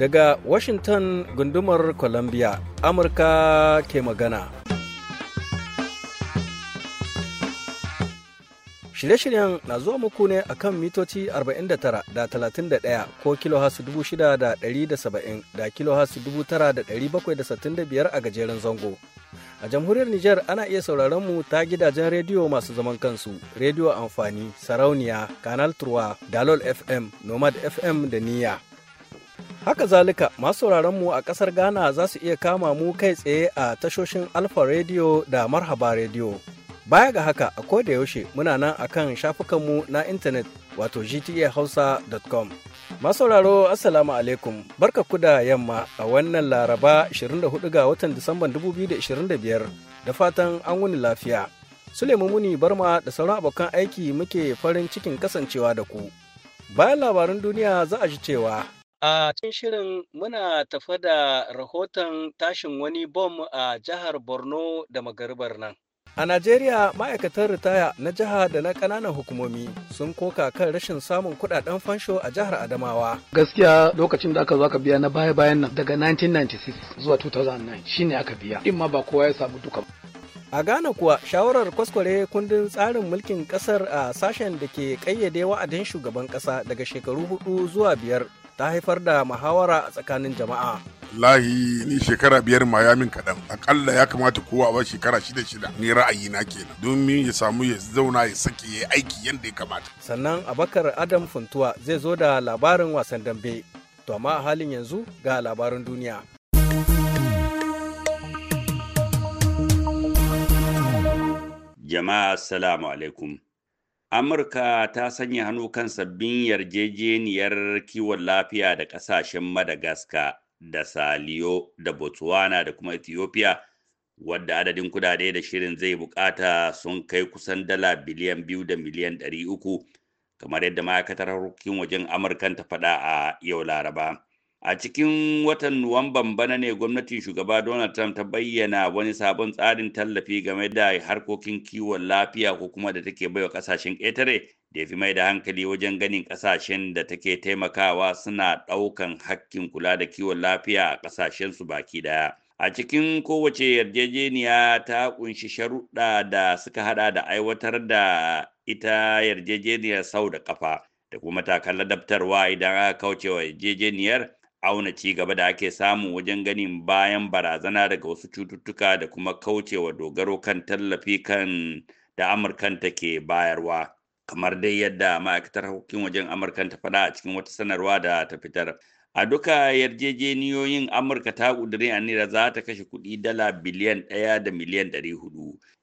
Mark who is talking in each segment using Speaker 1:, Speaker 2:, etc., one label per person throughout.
Speaker 1: Daga Washington gundumar Columbia, Amurka ke magana. Shirye-shiryen na zuwa muku ne a kan mitoci 49 da 31 ko kilohasu 6,170 da kilohasu 9,765 a gajeren zango. A jamhuriyar Nijar ana iya sauraron mu ta gidajen rediyo masu zaman kansu, rediyo amfani, sarauniya, kanal turwa, dalol FM, nomad FM da niyya. Haka zalika masu sauraron mu a ƙasar Ghana za su iya kama mu kai tsaye a tashoshin Alfa Radio da Marhaba Radio. Baya ga haka a da yaushe muna nan akan shafukanmu na intanet wato gtahausa.com. Masauraro Assalamu alaikum barka ku da yamma a wannan laraba 24 ga watan Disamban 2025 da fatan an wuni lafiya. sulemu Muni Barma da sauran abokan aiki muke farin cikin kasancewa da ku. Bayan labarin duniya za a ji cewa A cikin shirin muna tafa da rahoton tashin wani bom a jihar Borno da magaribar nan. A Najeriya ma'aikatan ritaya na jiha da na ƙananan hukumomi sun koka kan rashin samun kuɗaɗen fansho a jihar Adamawa.
Speaker 2: Gaskiya lokacin da aka zo aka biya na baya-bayan nan daga 1996 zuwa 2009 shine
Speaker 1: aka biya. In ma ba kowa ya samu duka. ba. A Ghana kuwa shawarar kwaskware kundin tsarin mulkin ƙasar a sashen da ke ƙayyade wa'adin shugaban ƙasa daga shekaru hudu zuwa biyar ta haifar da muhawara a tsakanin jama'a.
Speaker 3: lahi ni shekara biyar ma ya min kaɗan akalla ya kamata kowa ba shekara shida shida ni ra'ayi na kenan domin ya samu ya zauna ya sake
Speaker 1: ya aiki yadda ya kamata sannan abakar adam funtuwa zai zo da labarin wasan dambe to amma a halin yanzu ga labarin duniya
Speaker 4: jama'a assalamu alaikum Amurka ta sanya hannu kan sabbin yarjejeniyar kiwon lafiya da ƙasashen Madagascar da saliyo da botswana da kuma ethiopia wadda adadin kudade da shirin zai bukata sun kai kusan dala biliyan biyu da miliyan ɗari uku kamar yadda ma'aikatar harkokin wajen amurkan ta faɗa a yau laraba a cikin watan nuwamban bana ne gwamnatin shugaba donald trump ta bayyana wani sabon tsarin tallafi game da harkokin kiwon lafiya ko kuma da take baiwa kasashen ƙetare da ya fi mai da hankali wajen ganin kasashen da take taimakawa suna ɗaukan hakkin kula da kiwon lafiya a kasashen su baki daya a cikin kowace yarjejeniya ta kunshi sharuɗa da suka hada da aiwatar da ita yarjejeniyar sau da kafa da kuma matakan ladabtarwa idan aka kauce wa yarjejeniyar auna ci gaba da ake samu wajen ganin bayan barazana daga wasu cututtuka da kuma kaucewa dogaro kan tallafi kan da amurkan take bayarwa kamar dai yadda ma'aikatar harkokin wajen amurkan ta faɗa a cikin wata sanarwa da ta fitar a duka yarjejeniyoyin amurka ta ƙudiri anira za ta kashe kuɗi dala biliyan ɗaya da miliyan ɗari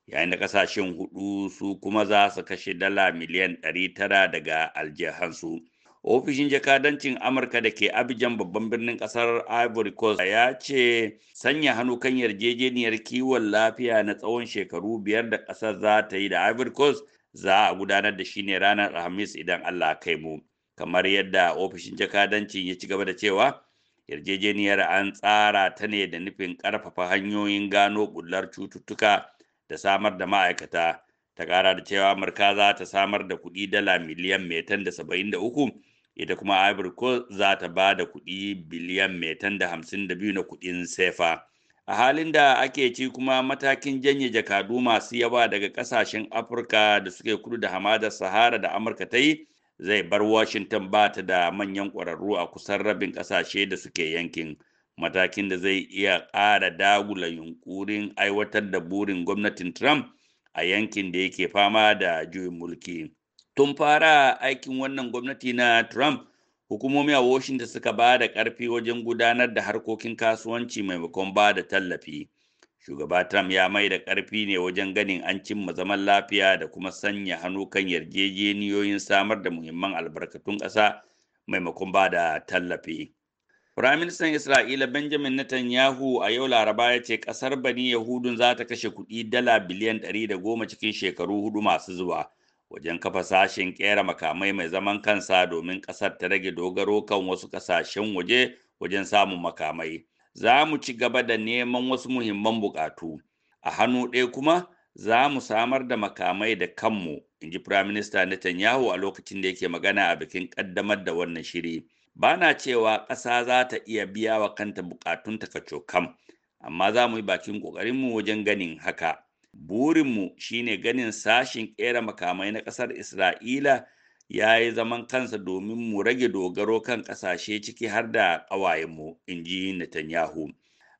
Speaker 4: yayin da ƙasashen hudu su kuma za su kashe dala miliyan ɗari tara daga aljihansu ofishin jakadancin amurka da ke abijan babban birnin kasar ivory coast ya ce sanya hannu kan yarjejeniyar kiwon lafiya na tsawon shekaru biyar da kasar za ta yi da ivory coast za a gudanar da shi ne ranar alhamis idan allah kai mu kamar yadda ofishin jakadancin ya ci gaba da cewa yarjejeniyar an tsara ta ne da nufin karfafa hanyoyin gano bullar cututtuka da samar da ma'aikata ta ƙara da cewa amurka za ta samar da kuɗi dala miliyan metan da saba'in da uku ita kuma ivory coast za ta ba da kuɗi biliyan metan da hamsin da biyu na kuɗin sefa a halin da ake ci kuma matakin janye jakadu masu yawa daga ƙasashen afirka da suke kudu da hamadar sahara da amurka ta yi zai bar washington ba ta da manyan ƙwararru a kusan rabin ƙasashe da suke yankin matakin da zai iya ƙara dagula yunkurin aiwatar da burin gwamnatin trump a yankin da yake fama da juyin mulki. tun fara aikin wannan gwamnati na trump hukumomi a washington suka ba da ƙarfi wajen gudanar da harkokin kasuwanci maimakon ba da tallafi shugaba trump ya mai da ƙarfi ne wajen ganin an cimma zaman lafiya da kuma sanya hannu kan yarjejeniyoyin samar da muhimman albarkatun ƙasa maimakon ba da tallafi Firaministan Isra'ila Benjamin Netanyahu a yau Laraba ya ce ƙasar Bani Yahudun za ta kashe kuɗi dala biliyan ɗari da goma cikin shekaru hudu masu zuwa. wajen kafa sashen kera makamai mai zaman kansa domin ƙasar ta rage dogaro kan wasu ƙasashen waje wajen samun makamai. Za mu ci gaba da neman wasu muhimman buƙatu. A hannu ɗaya kuma za mu samar da makamai da kanmu, in ji Firaminista Netanyahu a lokacin da yake magana a bikin ƙaddamar da wannan shiri. Ba na cewa ƙasa za ta iya biya wa kanta buƙatunta takacokan amma za mu yi bakin ƙoƙarinmu wajen ganin haka. Burinmu shine ganin sashin ƙera makamai na ƙasar Isra'ila ya yi zaman kansa domin mu rage dogaro kan ƙasashe ciki har da ƙawayenmu, in ji Netanyahu.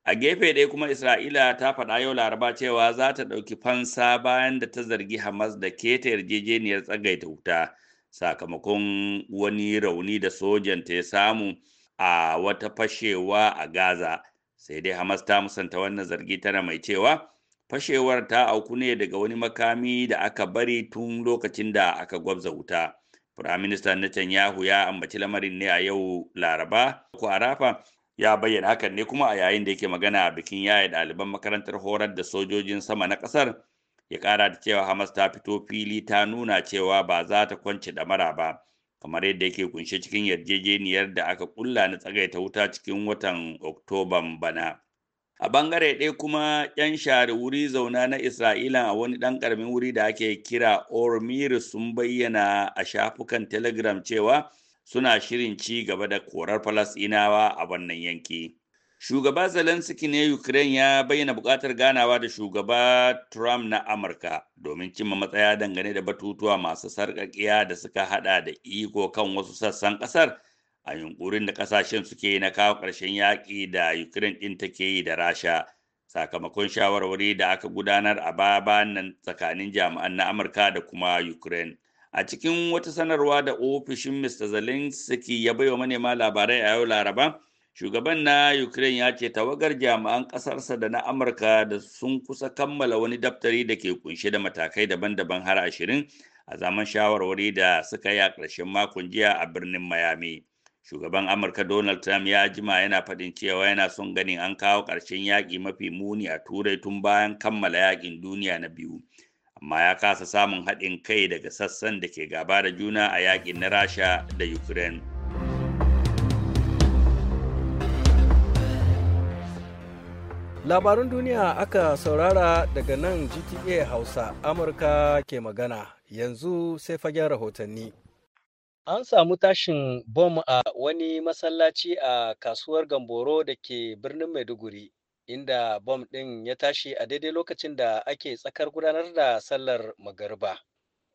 Speaker 4: A gefe ɗaya kuma Isra'ila ta faɗa yau Laraba cewa za ta ɗauki fansa bayan da ta zargi Hamas da keta yarjejeniyar tsagaita wuta sakamakon wani rauni da sojan ta ya samu a wata fashewa a Gaza. Sai dai Hamas ta musanta wannan zargi tana mai cewa fashewar ta auku ne daga wani makami da aka bari tun lokacin da aka gwabza wuta firaministan netanyahu ya ambaci lamarin ne a yau laraba ko arafa ya bayyana hakan ne kuma a yayin da yake magana a bikin yaya ɗaliban makarantar horar da sojojin sama na ƙasar ya ƙara da cewa hamas ta fito fili ta nuna cewa ba za ta kwance ɗamara ba kamar yadda yake kunshe cikin yarjejeniyar da aka ƙulla na tsagaita wuta cikin watan oktoban bana a bangare ɗaya kuma yan share wuri zauna na isra'ila a wani ɗan ƙaramin wuri da ake kira ormir sun bayyana a shafukan telegram cewa suna shirin ci gaba da korar falasinawa a wannan yanki shugaba zelensky ne ukraine ya bayyana buƙatar ganawa da shugaba trump na amurka domin cimma matsaya dangane da batutuwa masu sarƙaƙiya da suka haɗa da iko kan wasu sassan ƙasar a yunkurin da kasashen suke na kawo ƙarshen yaƙi da ukraine ɗin take yi da rasha sakamakon shawarwari da aka gudanar a baya nan tsakanin jami'an na amurka da kuma ukraine a cikin wata sanarwa da ofishin mr zelensky ya baiwa manema labarai a yau laraba shugaban na ukraine ya ce tawagar jami'an ƙasarsa da na amurka da sun kusa kammala wani daftari da ke kunshe da matakai daban-daban har ashirin a zaman shawarwari da suka yi a ƙarshen makon jiya a birnin miami shugaban amurka donald trump ya jima yana faɗin cewa yana son ganin an kawo ƙarshen yaƙi mafi muni a turai tun bayan kammala yaƙin duniya na biyu amma ya kasa samun haɗin kai daga sassan da ke gaba da juna a yaƙin na rasha da ukraine
Speaker 1: labarun duniya aka saurara daga nan gta hausa amurka ke magana yanzu sai fagen rahotanni An samu tashin bom a wani masallaci a kasuwar Gamboro da ke birnin Maiduguri, inda bom ɗin ya tashi a daidai lokacin da ake tsakar gudanar da sallar magariba.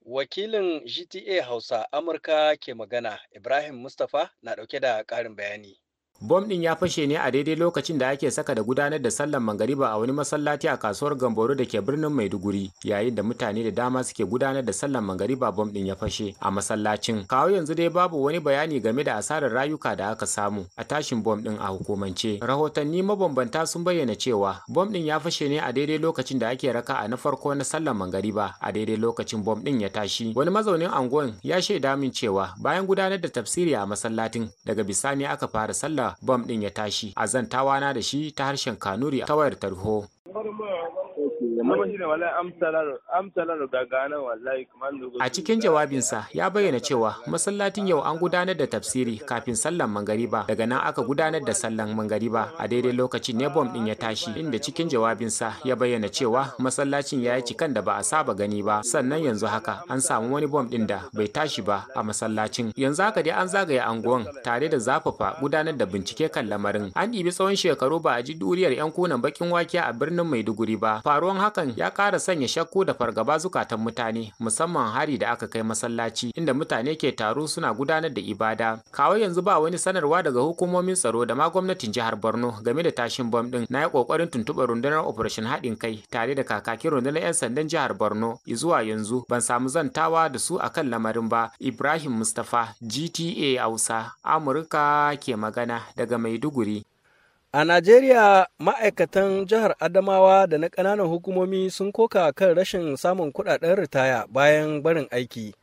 Speaker 1: Wakilin GTA Hausa Amurka ke magana, Ibrahim Mustapha na ɗauke da ƙarin bayani.
Speaker 5: Bom ɗin ya fashe ne a daidai lokacin da ake saka da gudanar da sallar magariba a wani masallaci a kasuwar Gamboro da ke birnin Maiduguri, yayin da mutane da dama suke gudanar da sallar mangariba bom ɗin ya fashe a masallacin. Kawo yanzu dai babu wani bayani game da asarar rayuka da aka samu a tashin bom ɗin a hukumance. Rahotanni mabambanta sun bayyana cewa bom ɗin ya fashe ne a daidai lokacin da ake raka a na farko na sallar magariba a daidai lokacin bom ɗin ya tashi. Wani mazaunin anguwan ya shaida min cewa bayan gudanar da tafsiri a masallacin daga bisani aka fara sallar bom ɗin ya tashi a zantawa na da shi ta harshen kanuri ta wayar tarho A cikin jawabinsa ya bayyana cewa masallacin yau an gudanar da tafsiri kafin sallan mangariba daga nan aka gudanar da sallan mangariba a daidai lokacin ne bom din ya tashi inda cikin jawabinsa ya bayyana cewa masallacin ya yi cikan da ba a saba gani ba sannan yanzu haka an samu wani bom din da bai tashi ba a masallacin yanzu haka dai an zagaye anguwan tare da zafafa gudanar da bincike kan lamarin an ɗibi tsawon shekaru ba a ji duriyar 'yan kunan bakin wake a birnin maiduguri ba faruwan hakan ya ƙara sanya shakku da fargaba zukatan mutane musamman hari da aka kai masallaci inda mutane ke taro suna gudanar da ibada Kawai yanzu ba wani sanarwa daga hukumomin tsaro da ma gwamnatin jihar borno game da tashin bom din na yi ƙoƙarin tuntuɓar rundunar operation haɗin kai tare da kakakin rundunar 'yan sandan jihar borno zuwa yanzu ban samu zantawa da su akan lamarin ba ibrahim mustapha gta hausa amurka ke magana daga maiduguri A Najeriya ma'aikatan jihar
Speaker 1: Adamawa da na ƙananan hukumomi sun koka kan rashin samun kuɗaɗen ritaya bayan barin aiki.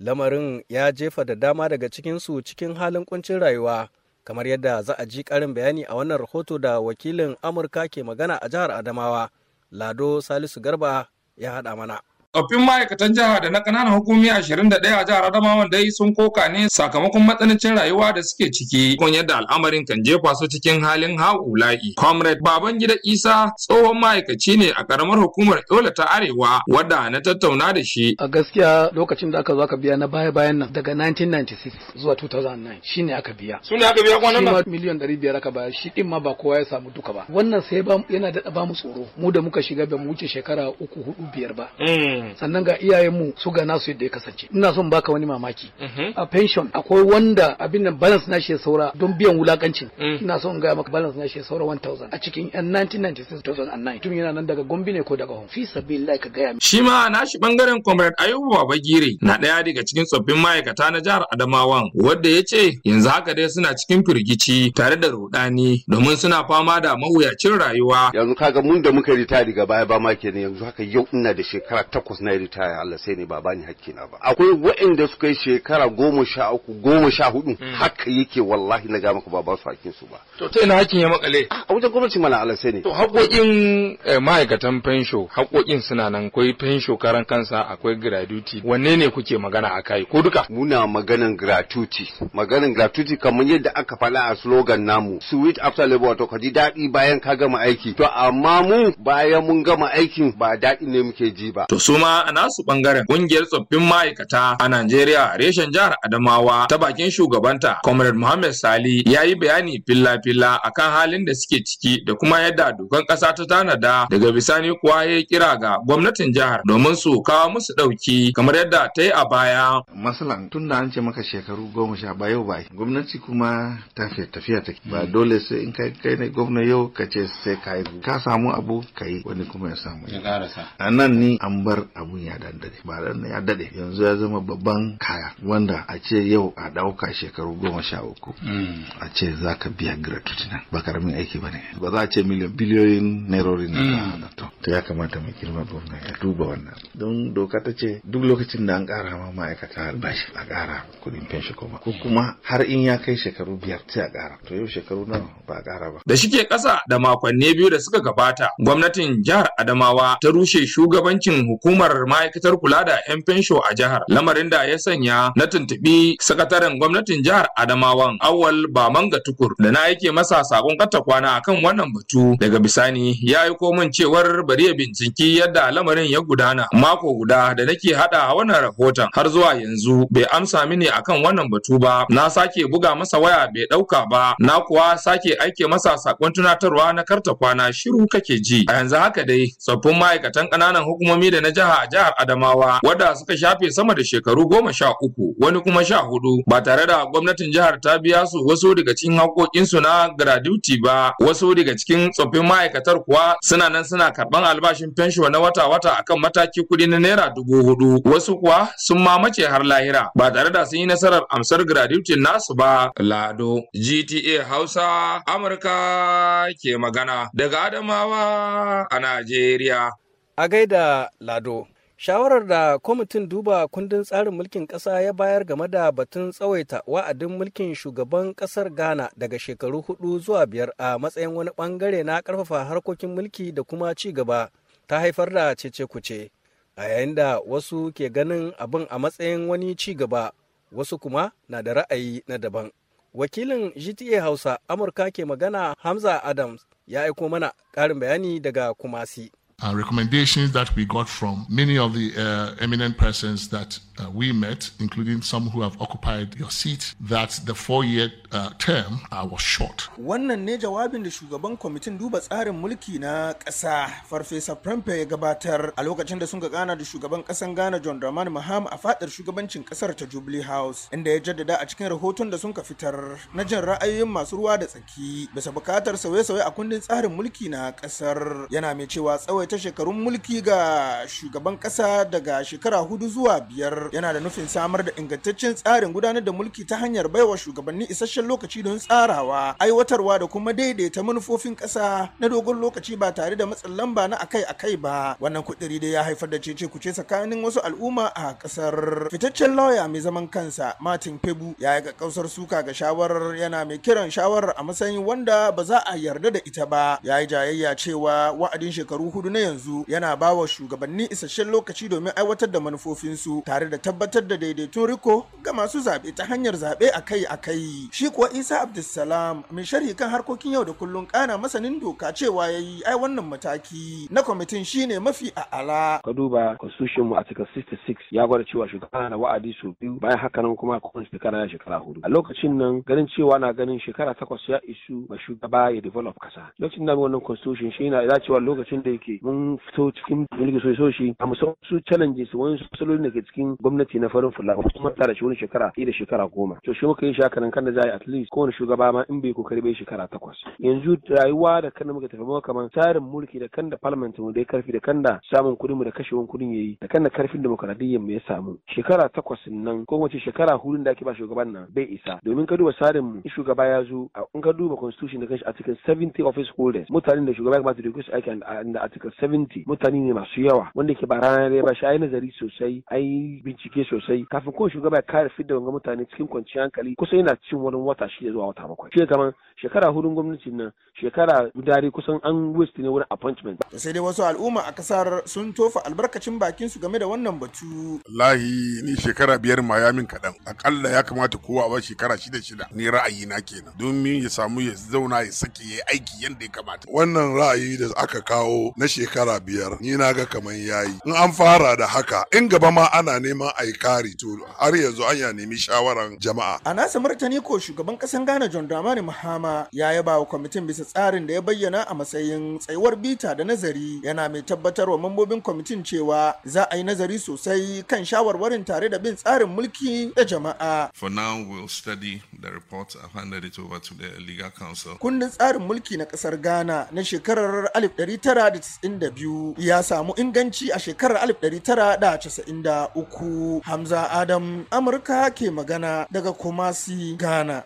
Speaker 1: Lamarin ya jefa da dama daga cikinsu cikin halin kuncin rayuwa, kamar yadda za a ji ƙarin bayani a wannan rahoto da wakilin Amurka ke magana a jihar Adamawa, Lado Salisu Garba ya haɗa mana.
Speaker 6: Tsoffin ma'aikatan jiha da na ƙananan hukumi ashirin da ɗaya a jihar Adamawan dai sun koka ne sakamakon matsanancin rayuwa da suke ciki kun yadda al'amarin kan jefa su cikin halin hau ha'ula'i. Comrade Babangida Isa tsohon ma'aikaci ne a ƙaramar hukumar Yola ta Arewa wadda na tattauna da shi. A
Speaker 2: gaskiya lokacin da aka zo aka biya na baya bayan nan daga 1996 zuwa 2009 shine aka biya. Su ne aka biya kwanan nan? miliyan ɗari biyar aka bayar shi ɗin ma ba kowa ya samu duka ba.
Speaker 7: Wannan sai yana daɗa ba mu tsoro mu da muka shiga ba wuce shekara uku hudu biyar ba. Mm. Mm. sannan ga iyayenmu su
Speaker 2: ga nasu yadda ya kasance ina son baka wani mamaki mm-hmm. a pension akwai wanda abin nan balance na shi ya
Speaker 6: saura don biyan wulakancin mm. ina
Speaker 2: son ga maka balance na shi ya saura 1000 a cikin 1996 2009 tun yana nan daga gombe ne ko daga hon fi lai ka gaya
Speaker 6: shi ma nashi bangaren comrade ayubu babagire na daya daga cikin tsoffin ma'aikata na jihar Adamawa. wanda ya ce yanzu haka dai suna cikin firgici tare da rudani domin suna fama da mawuyacin rayuwa yanzu kaga
Speaker 3: mun da muka rita daga baya ba ma kenan yanzu haka yau ina da shekara takwas na yi ritaya Allah sai ne ba bani na ba akwai waɗanda suka yi shekara goma sha uku goma sha hudu hmm. haka yake wallahi na ga maka ba ba su hakkin su ba
Speaker 6: to ta ina hakkin ya
Speaker 3: makale a wajen gwamnati mana Allah sai ne to
Speaker 6: haƙoƙin eh, ma'aikatan fensho hakokin suna nan akwai fensho karan kansa akwai gratuity wanne ne kuke magana a kai
Speaker 3: ko duka muna maganan gratuity maganan gratuity kamar yadda aka faɗa a slogan namu sweet after labor to ka ji daɗi bayan ka gama aiki to amma mu bayan mun gama aikin ba daɗi ne muke ji ba to so
Speaker 6: suma a nasu bangaren kungiyar tsoffin ma'aikata a Najeriya a reshen jihar Adamawa ta bakin shugabanta Comrade Muhammad Sali ya yi bayani filla-filla kan halin da suke ciki da kuma yadda dukan ƙasa ta tanada daga bisani kuwa ya kira ga gwamnatin jihar domin su kawo musu ɗauki kamar yadda ta yi a baya. Masalan tun da an ce maka shekaru goma sha ba yau ba gwamnati kuma tafiya tafiya take ba dole sai in kai kai ne gwamna yau ka ce sai ka yi ka samu abu ka yi wani kuma ya samu. Ya karasa. A nan ni an bar abun ya dandade ba dan ya dade yanzu ya zama babban kaya wanda a ce yau a dauka shekaru goma sha uku hmm. a ce za ka biya gratuity nan ba karamin aiki ba ne ba za a ce miliyan biliyoyin nairorin na d'a hmm. to to ya kamata mai girma gwamna ya duba wannan don doka ta ce duk lokacin da an kara ma ma'aikata albashi a kara kudin fenshi koma. ko kuma har in ya kai shekaru biyar sai a kara to yau shekaru nawa ba a kara ba da shike kasa da makonni biyu da suka gabata gwamnatin jihar Adamawa ta rushe shugabancin hukuma hukumar ma'aikatar kula da 'yan fensho a jihar lamarin da ya sanya na tuntuɓi sakataren gwamnatin jihar adamawan awal manga tukur da na yake masa sakon kata kwana akan wannan batu daga bisani ya yi komin cewar bari ya binciki yadda lamarin ya gudana mako guda da nake hada wannan rahoton har zuwa yanzu bai amsa mini akan wannan batu ba na sake buga masa waya bai dauka ba na kuwa sake aike masa sakon tunatarwa na karta kwana shiru kake ji a yanzu haka dai tsoffin ma'aikatan ƙananan hukumomi da na jihar jiha a jihar Adamawa wadda suka shafe sama da shekaru goma sha uku wani kuma sha hudu ba tare da gwamnatin jihar ta biya su wasu daga cikin haƙoƙinsu na graduti ba wasu daga cikin tsoffin ma'aikatar kuwa suna nan suna karɓan albashin fensho na wata-wata akan mataki kuɗi na naira dubu hudu wasu kuwa sun mamace har lahira ba tare da sun yi nasarar amsar gratuity nasu ba lado gta hausa amurka ke magana daga adamawa a najeriya A gaida Lado, shawarar da kwamitin duba
Speaker 1: kundin tsarin mulkin ƙasa ya bayar game da batun tsawaita wa'adin mulkin shugaban ƙasar Ghana daga shekaru hudu zuwa biyar a matsayin wani ɓangare na ƙarfafa harkokin mulki da kuma ci gaba ta haifar da cece kuce. A yayin da wasu ke ganin abin a matsayin wani ci gaba, wasu kuma na da ra'ayi na daban. Wakilin GTA Hausa Amurka ke magana Hamza Adams ya aiko mana ƙarin bayani daga Kumasi. Uh, recommendations that we got from many of the uh, eminent persons that uh, we met, including some who have occupied your seat, that the four-year uh,
Speaker 8: term uh, was short.
Speaker 2: Wannan ne jawabin da shugaban kwamitin duba tsarin mulki na ƙasa Farfesa Prempe ya gabatar a lokacin da sun ga gana da shugaban ƙasan Ghana John Dramani Mahama a fadar shugabancin ƙasar ta Jubilee House, inda ya jaddada a cikin rahoton da sun ka fitar na jin ra'ayoyin masu ruwa da tsaki bisa buƙatar sauye-sauye a kundin tsarin mulki na ƙasar. Yana mai cewa tsawaita shekarun mulki ga shugaban ƙasa daga shekara hudu zuwa biyar yana da nufin samar da ingantaccen tsarin gudanar da mulki ta hanyar baiwa shugabanni isasshen lokaci don tsarawa aiwatarwa da kuma daidaita manufofin ƙasa na dogon lokaci ba tare da matsin lamba na akai-akai ba wannan kuɗiri dai ya haifar da cece kuce tsakanin wasu al'umma a kasar fitaccen lauya mai zaman kansa martin febu ya yi kakkausar suka ga shawarar yana mai kiran shawarar a matsayin wanda ba za a yarda da ita ba ya yi jayayya cewa wa'adin shekaru hudu na yanzu yana bawa shugabanni isasshen lokaci domin aiwatar da manufofinsu tare da da tabbatar da daidaitun riko ga masu zaɓe ta hanyar zaɓe akai-akai. Shi kuwa Isa Abdulsalam mai sharhi kan harkokin yau da kullum kana masanin doka cewa ya yi ai wannan
Speaker 7: mataki na kwamitin shine mafi a'ala. Ka duba constitution mu a cikin 66 ya gwada cewa shugaba na wa'adi su biyu bayan haka nan kuma kuma shekara ya shekara hudu. A lokacin nan ganin cewa na ganin shekara takwas ya isu ma shugaba ya develop kasa. Lokacin da wannan constitution shi na ila cewa lokacin da yake mun fito cikin mulki sosai a musamman su challenges wani su ne ke cikin gwamnati na farin fula kuma ta da shi shekara. shekara da shekara goma to shi muka yi shakarin kan da za a yi at least kowane shugaba ma in bai kokari bai shekara takwas yanzu rayuwa da kan muka tafi mawa kamar tsarin mulki da kan da parliament mu da ya karfi da kan da samun kuɗin mu da wani kuɗin yayi da kan da karfin demokradiyyar mu ya samu shekara takwas nan ko wace shekara hudun da ake ba shugaban nan bai isa domin ka duba tsarin mu in shugaba ya zo in ka duba constitution da kanshi article 70 office holders mutanen da shugaba ya kamata da kusa aiki da article 70 mutane ne masu yawa wanda ke ba rana ne ba shi ai nazari sosai ai bincike sosai kafin ko shugaba ya kare fidda wanga mutane cikin kwanciyar hankali kusan yana cin wani wata shida zuwa wata bakwai shi kamar shekara hudun gwamnatin nan shekara gudari kusan an waste ne wurin appointment da
Speaker 2: sai dai wasu al'umma a kasar sun tofa albarkacin bakin su game da wannan batu
Speaker 7: lahi
Speaker 3: ni shekara biyar ma ya min kaɗan akalla ya kamata kowa ba shekara shida shida ni ra'ayi na kenan
Speaker 2: domin ya samu ya zauna ya saki ya aiki yadda ya kamata wannan ra'ayi da aka kawo na shekara biyar ni na ga kamar yayi in an fara da haka in gaba ma ana neman Kuma a yi kari to har yanzu an ya nemi shawaran jama'a. A nasa martani ko shugaban kasan Ghana John Dramani Mahama ya yaba wa kwamitin bisa tsarin da ya bayyana a matsayin tsayuwar bita da nazari yana mai tabbatar wa mambobin kwamitin cewa za a yi nazari sosai kan shawarwarin tare da bin tsarin mulki da jama'a. For now we'll study the report and handed it over to the legal council. Kundin tsarin mulki na kasar Ghana na shekarar 1992 ya samu inganci a shekarar alif 1993. Hamza Adam Amurka ke magana daga Kumasi, Ghana.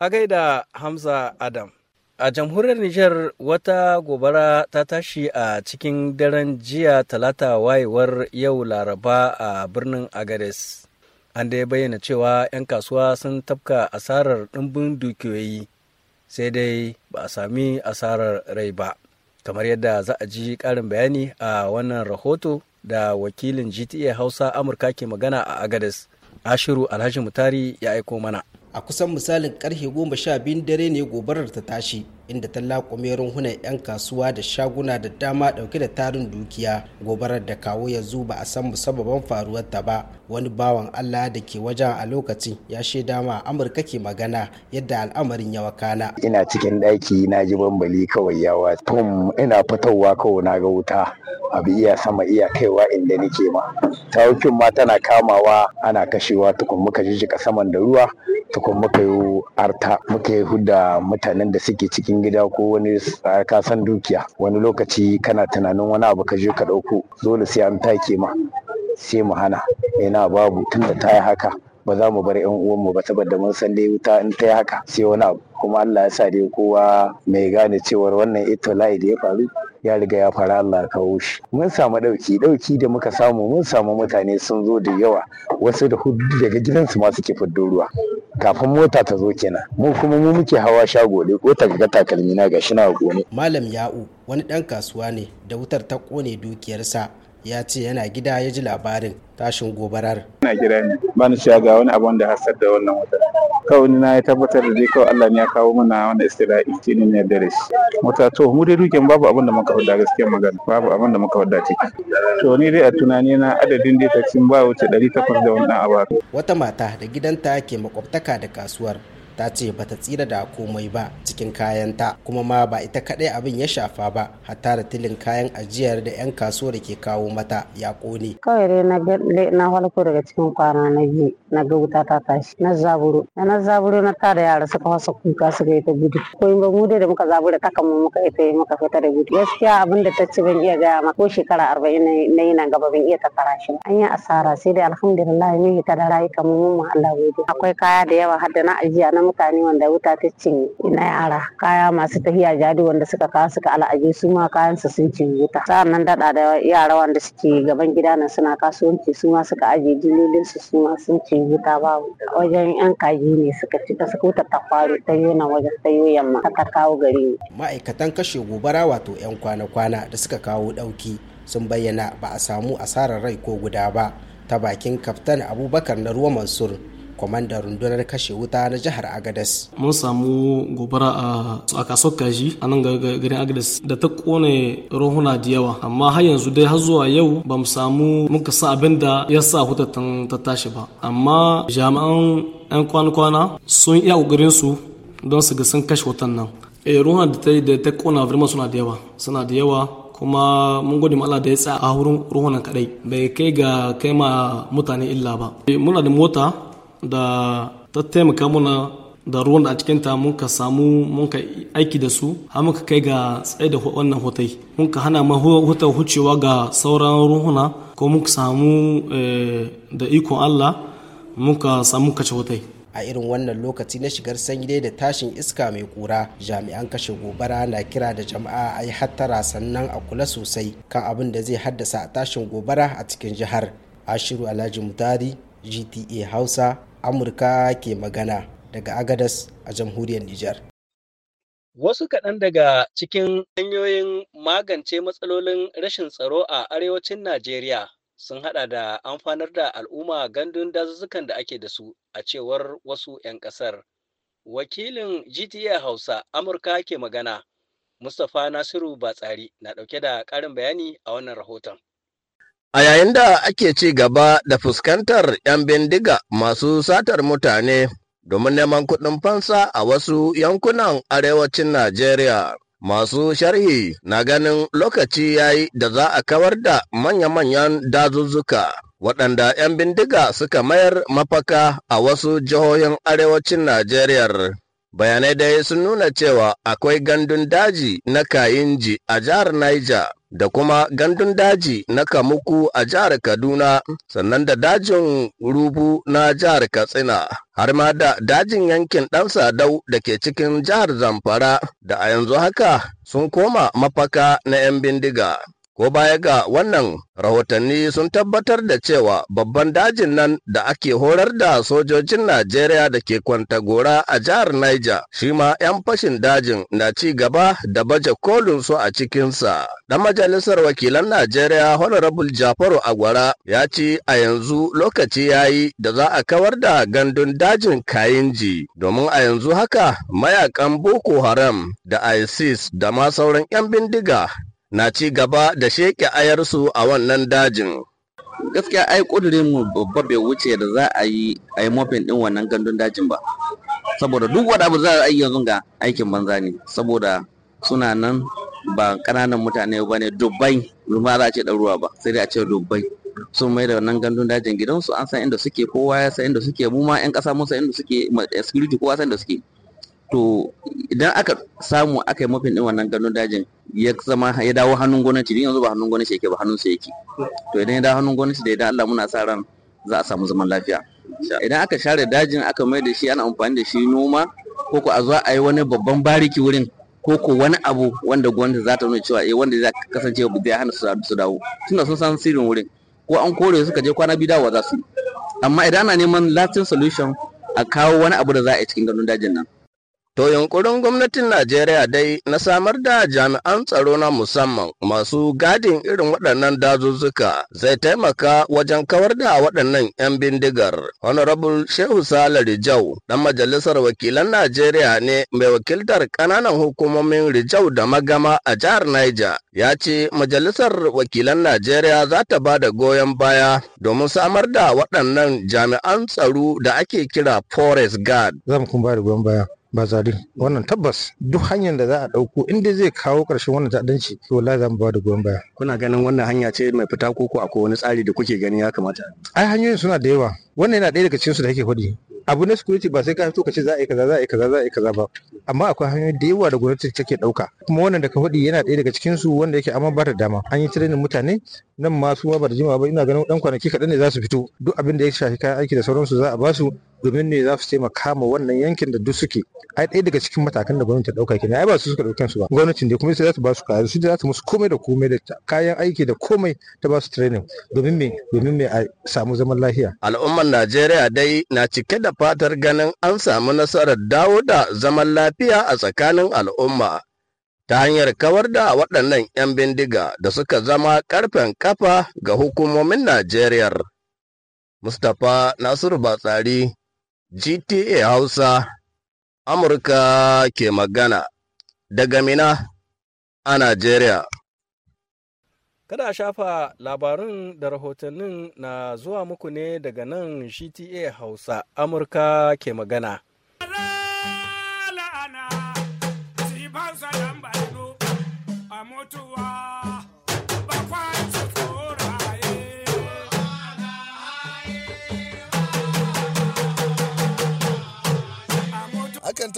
Speaker 2: A
Speaker 1: gaida Hamza Adam. A jamhuriyar Nijar wata gobara ta tashi a cikin daren jiya talata wayewar yau laraba a birnin Agares. An da ya bayyana cewa 'yan kasuwa sun tafka asarar ɗumbin dukiyoyi sai dai ba a sami asarar rai ba. Kamar yadda za a ji ƙarin bayani a wannan rahoto da wakilin GTA Hausa Amurka ke magana a Agadez. Ashiru
Speaker 9: Alhaji Mutari ya aiko mana.
Speaker 1: A kusan misalin
Speaker 9: karfe goma sha biyun dare ne gobarar ta tashi inda ta laƙume runhunan 'yan kasuwa da shaguna da dama ɗauke da tarin dukiya gobarar da kawo ya zuba a san musabban faruwar ta ba wani bawan allah da ke wajen a lokacin ya shaida a amurka ke magana yadda al'amarin ya wakana
Speaker 3: ina cikin ɗaki na ji bambali kawai yawa tom ina fitowa kawai na ga wuta abu iya sama iya kaiwa inda nake ma tawakin ma tana kamawa ana kashewa tukun muka jijjiga saman da ruwa tukun muka yi arta muka yi hudda mutanen da suke cikin cikin gida ko wani kasan dukiya wani lokaci kana tunanin wani abu ka je ka ɗauko dole sai an take ma sai mu hana ina eh, babu tun da ta yi haka ba za mu bar yan uwanmu ba saboda mun san dai wuta in ta yi haka sai wani abu kuma Allah ya sa dai kowa mai gane cewar wannan ito eh, layi da ya faru ya riga ya fara Allah ya kawo shi mun samu ɗauki ɗauki da muka samu mun samu mutane sun zo da yawa wasu da hudu daga gidansu ma suke fiddo ruwa kafin mota ta zo kenan mu kuma mu muke hawa shago dai ko ta ga takalmi na gashi na gone malam ya'u
Speaker 9: wani dan kasuwa ne da wutar ta kone dukiyarsa ya ce yana gida ya ji labarin tashin gobarar.
Speaker 6: Ina gida ne ba ni cewa ga wani abu wanda hasar da wannan wata. Kawai na ya tabbatar da dai kawai Allah ne ya kawo mana wani istila shi ne na yarda da shi. Wata to mu dai duken babu abin da muka wadda gaskiya magana babu abin da muka wadda ciki. To ni dai a tunani na adadin dai cin ba wuce ɗari takwas da wani abu.
Speaker 9: Wata mata da gidanta ke makwabtaka da kasuwar ta ce ba ta tsira da komai ba cikin kayanta kuma ma ba ita kadai abin ya shafa ba hatta da tilin kayan ajiyar da 'yan kasuwar da ke kawo mata ya kone. Kawai dai na galle na halko daga cikin kwana na biyu na ga wuta ta tashi na zaburo na zaburo na tada yara suka fasa kuka suka yi ta gudu ko in ba mu da muka zabura ta kama muka ita yi muka fita da gudu gaskiya abin da ta ci ban iya gaya ma ko shekara arba'in na yi nan gaba ban iya ta shi an yi asara sai dai alhamdulillah mun ta da rayuka mu mun Allah gode akwai kaya da yawa har na ajiya na mutane wanda wuta ta cinye na yara kaya masu tafiya jadi wanda suka kawo suka al'aje su ma kayan su sun cinye wuta sa'an nan dada da yara wanda suke gaban gida nan suna kasuwanci su ma suka aje dilolin su su ma sun cinye wuta babu wajen yan kaji ne suka ci ta suka wuta ta kwaro ta yi nan wajen ta yi yamma ta kawo gari ma'aikatan kashe gobara wato yan kwana-kwana da suka kawo dauki sun bayyana ba a samu asarar rai ko guda ba ta bakin kaftan abubakar na ruwa mansur kwamandan rundunar kashe wuta na jihar agadas
Speaker 7: mun samu gobara a kasuwar kaji a nan garin agadas da ta kone rohuna da yawa amma har yanzu dai har zuwa yau ba mu samu muka sa abin da ya sa hutar ta tashi ba amma jami'an 'yan kwana-kwana sun iya ƙoƙarin su don su ga sun kashe wutan nan e eh, ruwan da ta da ta kona vraiment suna da yawa suna da yawa kuma mun gode Allah da ya tsaya a wurin ruwan kadai bai kai ga kai ma mutane illa ba eh, muna da mota da ta taimaka muna da ruwan da a cikin ta mun ka samu mun ka aiki da su har muka kai ga tsaye da wannan hotai mun ka hana ma hutar hucewa ga sauran ruhuna ko mun ka samu eh, da ikon Allah mun ka samu kace hotai
Speaker 9: a irin wannan lokaci na shigar sanyi dai da tashin iska mai kura jami'an kashe gobara na kira da jama'a a yi hattara sannan a kula sosai kan abin da zai haddasa a tashin gobara a cikin jihar ashiru alhaji mutari gta hausa amurka ke magana daga agadas a jamhuriyar nijar
Speaker 1: Wasu kaɗan daga cikin hanyoyin magance matsalolin rashin tsaro a arewacin Najeriya sun haɗa da amfanar da al'umma gandun dazuzzukan da ake da su a cewar wasu 'yan ƙasar. Wakilin GTA Hausa Amurka ke magana, Mustapha Nasiru Batsari na ɗauke da ƙarin bayani a wannan rahoton.
Speaker 3: A yayin da ake ci gaba da fuskantar 'yan bindiga masu satar mutane domin neman kuɗin fansa a wasu yankunan arewacin Najeriya. Masu sharhi na ganin lokaci ya yi da za a kawar da manya-manyan dazuzzuka waɗanda 'yan bindiga suka mayar mafaka a wasu jihohin arewacin Najeriya. Bayanai dai sun nuna cewa akwai gandun daji na Kayinji a jihar Niger da kuma gandun daji na Kamuku a jihar Kaduna sannan da dajin Rubu na jihar Katsina har ma da dajin yankin ɗan Sadau da ke cikin jihar Zamfara da a yanzu haka sun koma mafaka na 'yan bindiga. Ko baya ga wannan rahotanni sun tabbatar da cewa babban dajin nan da ake horar da sojojin Najeriya da ke kwanta gora a jihar Niger shi ma 'yan fashin dajin na ci gaba da baje kolin su a cikinsa. Dan majalisar wakilan Najeriya Honorable Jafaru Agwara ya ci a yanzu lokaci ya yi da za a kawar da gandun dajin Kayinji domin a yanzu haka mayakan Boko Haram da ISIS da ma sauran 'yan bindiga na ci gaba da sheke ayarsu a wannan dajin. Gaskiya ai ƙudurin mu babba bai wuce da za a yi a yi mafin ɗin wannan gandun dajin ba. Saboda duk wanda ba za a yi yanzu ga aikin banza ne. Saboda suna nan ba ƙananan mutane ba ne dubbai ruma za a ce ɗaruwa ba sai dai a ce dubbai. sun mai da wannan gandun dajin gidansu an san inda suke kowa ya san inda suke mu ma 'yan ƙasa mun san inda suke security kowa san inda suke. to idan aka samu aka yi mafin din wannan gandun dajin ya zama ya dawo hannun gwamnati din yanzu ba hannun gwamnati yake ba hannun sa yake to idan ya dawo hannun gwamnati da idan Allah muna sa ran za a samu zaman lafiya idan aka share dajin aka mai da shi ana amfani da shi noma ko ko a zo a yi wani babban bariki wurin ko ko wani abu wanda gwamnati za ta nuna cewa eh wanda zai kasance ba zai hana su dawo tunda sun san sirrin wurin ko an kore suka je kwana biyu dawo za su amma idan ana neman lasting solution a kawo wani abu da za a yi cikin gandun dajin nan To yunkurin gwamnatin Najeriya dai na samar da jami'an tsaro na musamman masu gadin irin waɗannan dazuzzuka zai taimaka wajen kawar da waɗannan 'yan bindigar. Honorable Shehu Sale Rijau, ɗan majalisar wakilan Najeriya ne mai wakiltar ƙananan hukumomin Rijau da Magama a jihar Niger, ya ce majalisar wakilan Najeriya za ta ba da goyon baya domin samar da waɗannan jami'an tsaro da ake kira Forest Guard.
Speaker 2: Zan ba da goyon baya. ba zari wannan tabbas duk hanyar da za a ɗauko inda zai kawo ƙarshen wannan ta'addanci to wallahi za mu ba da goyon baya
Speaker 3: kuna ganin wannan hanya ce mai fita ko ko akwai wani tsari da kuke gani ya kamata
Speaker 2: ai hanyoyin suna da yawa wannan yana ɗaya daga cikin su da yake faɗi abu na security ba sai ka fito ka ce za a yi kaza za a yi kaza za a yi kaza ba amma akwai hanyoyi da yawa da gwamnati take ɗauka kuma wannan da ka faɗi yana ɗaya daga cikin su wanda yake amma ba ta dama an yi training mutane nan ma su ba da jimawa ba ina ganin dan kwanaki kaɗan ne za su fito duk abin da ya shafi kayan aiki da sauransu za a ba su domin ne za su taimaka ma wannan yankin da duk suke ai ɗaya daga cikin matakan da gwamnati ta ɗauka ke ai ba su suka ɗauki su ba
Speaker 6: gwamnatin dai kuma sai za ta ba su kayan su za ta musu komai da komai da
Speaker 2: kayan aiki da komai ta ba su training domin me domin me a samu zaman lafiya
Speaker 3: al'ummar Najeriya dai na cike da fatar ganin an samu nasarar dawo da zaman lafiya a tsakanin al'umma ta hanyar kawar da waɗannan 'yan bindiga da suka zama ƙarfen kafa ga hukumomin Najeriya. Mustapha Nasiru Batsari GTA Hausa, Amurka ke magana daga Mina a Najeriya.
Speaker 1: Kada a shafa labarin da rahotannin na zuwa muku ne daga nan GTA Hausa, Amurka ke magana.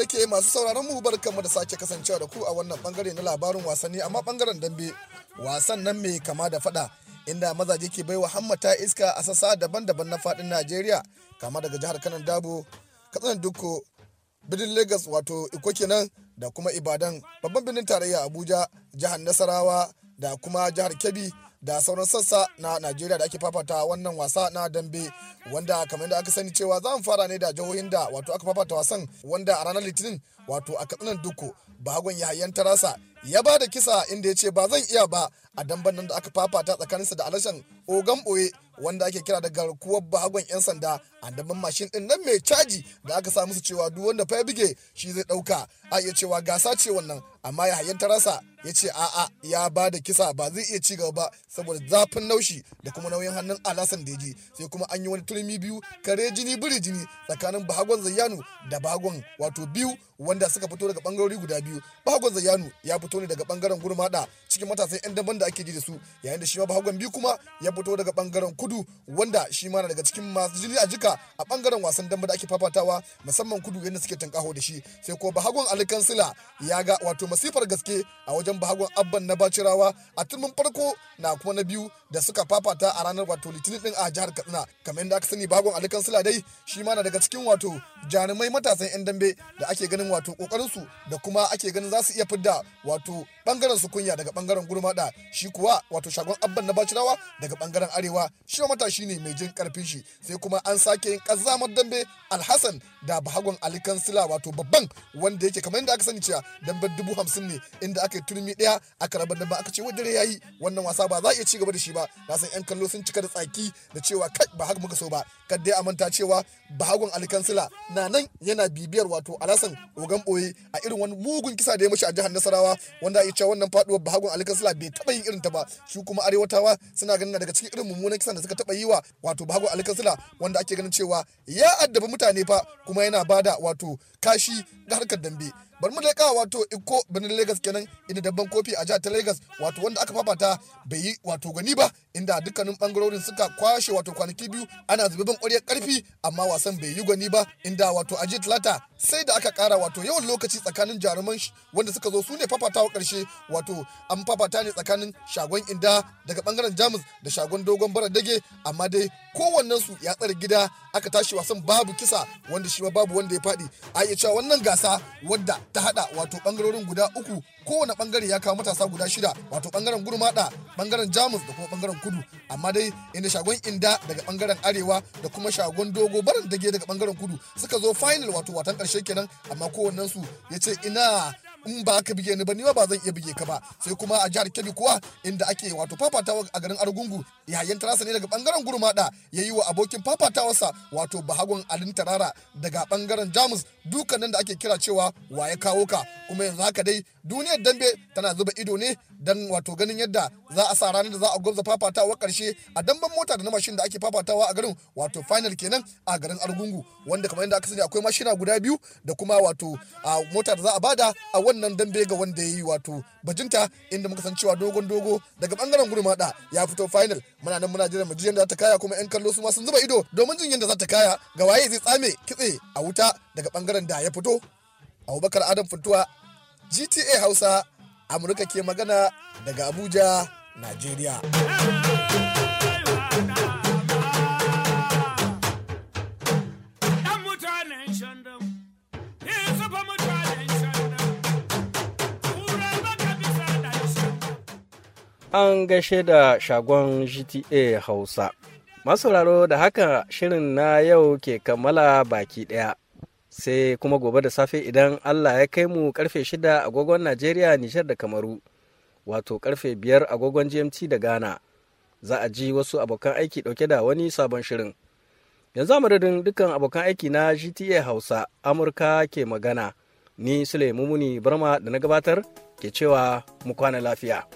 Speaker 8: take masu sauraron mu barkamu da sake kasancewa da ku a wannan bangare na labarin wasanni amma bangaren dambe wasan nan mai kama da fada inda mazaje ke baiwa hammata iska a sassa daban-daban na fadin Najeriya kama daga jihar Kano Dabo Katsina Dukko birnin Lagos wato Iko kenan da kuma Ibadan babban birnin tarayya Abuja jihar Nasarawa da kuma jihar Kebbi da sauran sassa na najeriya da ake fafata wannan wasa na dambe wanda kamar da aka sani cewa za mu fara ne da jihohin da wato aka fafata wasan wanda a ranar litinin wato a katsinan duku bahagon ya hayyanta tarasa ya ba da kisa inda ya ce ba zan iya ba a damben nan da aka fafata tsakaninsa da alashan ogan boye wanda ake kira da garkuwar bahagon 'yan sanda a daban mashin din nan mai caji da aka sa musu cewa duk wanda fa bige shi zai dauka a iya cewa gasa ce wannan amma ya hayyanta rasa ya ce a'a ya ba da kisa ba zai iya ci gaba ba saboda zafin naushi da kuma nauyin hannun alasan da sai kuma an yi wani turmi biyu kare jini biri jini tsakanin bahagon zayyanu da bahagon wato biyu wanda suka fito daga bangarori guda biyu bahagon zayyanu ya fito ne daga bangaren gurmada cikin matasan 'yan daban da ake ji da su yayin da shi ma bahagon biyu kuma ya fito daga bangaren kudu wanda shi ma daga cikin masu jini a jika a bangaren wasan dambe da ake fafatawa musamman kudu yadda suke tankaho da shi sai ko bahagon alkansila ya ga wato masifar gaske a wajen bahagon abban na bacirawa a turmin farko na kuma na biyu da suka fafata a ranar wato litinin din a jihar katsina kamar yadda aka sani bahagon alkansila dai shi ma na daga cikin wato jarumai matasan yan dambe da ake ganin wato kokarin su da kuma ake ganin za su iya fidda wato bangaren su kunya daga bangaren gurmada shi kuwa wato shagon abban na bacirawa daga bangaren arewa shi matashi ne mai jin karfin shi sai kuma an sake yin kazamar dambe alhassan da bahagon alikansila wato babban wanda yake kamar yadda aka sani cewa dambe dubu hamsin ne inda aka yi turmi daya aka raba dambe aka ce ya yi wannan wasa ba za a iya ci gaba da shi ba na san yan kallo sun cika da tsaki da cewa kai ba haka muka so ba kadda a manta cewa bahagon alikansila na nan yana bibiyar wato alhassan ogan boye a irin wani mugun kisa da ya mashi a jihar nasarawa wanda ya cewa wannan faduwar bahagun alkansila bai taba yin irin ta ba shi kuma arewatawa suna ganin daga cikin irin mummunan kisan da suka taba yi wa wato bahagun alkansila wanda ake ganin cewa ya addabi mutane fa kuma yana bada wato kashi ga harkar dambe bari mu leƙa wato iko birnin lagos kenan inda dabban kofi a jihar ta lagos wato wanda aka fafata bai yi wato gani ba inda dukkanin bangarorin suka kwashe wato kwanaki biyu ana zubabin ƙwaryar ƙarfi amma wasan bai yi gani ba inda wato a jiya talata sai da aka kara wato yawan lokaci tsakanin jaruman wanda suka zo sune ne wa ƙarshe wato an fafata ne tsakanin shagon inda daga bangaren jamus da shagon dogon bara dage amma dai kowannen su ya tsare gida aka tashi wasan babu kisa wanda shi ma babu wanda ya faɗi a iya cewa wannan gasa wadda ta hada wato bangarorin guda uku kowane bangare ya kawo matasa guda shida wato bangaren gurmada bangaren jamus da kuma bangaren kudu amma dai inda shagon inda daga bangaren arewa da kuma shagon dogo baran dage daga bangaren kudu suka zo final wato watan karshe kenan amma kowannen su ya ce ina in ba ka bige ni ba ni ba zan iya bige ka ba sai kuma a jihar Kebbi kuwa inda ake wato fafatawa a garin Argungu yayin tarasa ne daga bangaren gurmada yi wa abokin fafatawarsa wato Bahagon Alin Tarara daga bangaren Jamus dukkanin da ake kira cewa wa ya kawo ka kuma yanzu haka dai duniyar dambe tana zuba ido ne dan wato ganin yadda za a sa ranar da za a gwamza fafatawa karshe a damban mota da na mashin da ake fafatawa a garin wato final kenan a garin Argungu wanda kamar yadda aka sani akwai mashina guda biyu da kuma wato a mota da za a bada a wannan wannan dambe ga wanda ya yi wato bajinta inda muka san cewa dogon dogo daga bangaren gurmada ya fito final muna nan muna jira mu ji yadda ta kaya kuma yan kallo su ma sun zuba ido domin jin yadda za ta kaya ga waye zai tsame kitse a wuta daga bangaren da ya fito abubakar adam fintuwa gta hausa amurka ke magana daga abuja nigeria
Speaker 1: an gaishe da shagon GTA Hausa. Masauraro da haka shirin na yau ke kammala baki ɗaya. Sai kuma gobe da safe idan Allah ya kai mu karfe shida agogon Najeriya, Nijar da Kamaru, wato karfe biyar agogon GMT da Ghana. Za a ji wasu abokan aiki ɗauke da wani sabon shirin. Yanzu a madadin dukkan abokan aiki na GTA Hausa, Amurka ke magana. Ni Sule Mumuni Barma da na gabatar ke cewa mu kwana lafiya.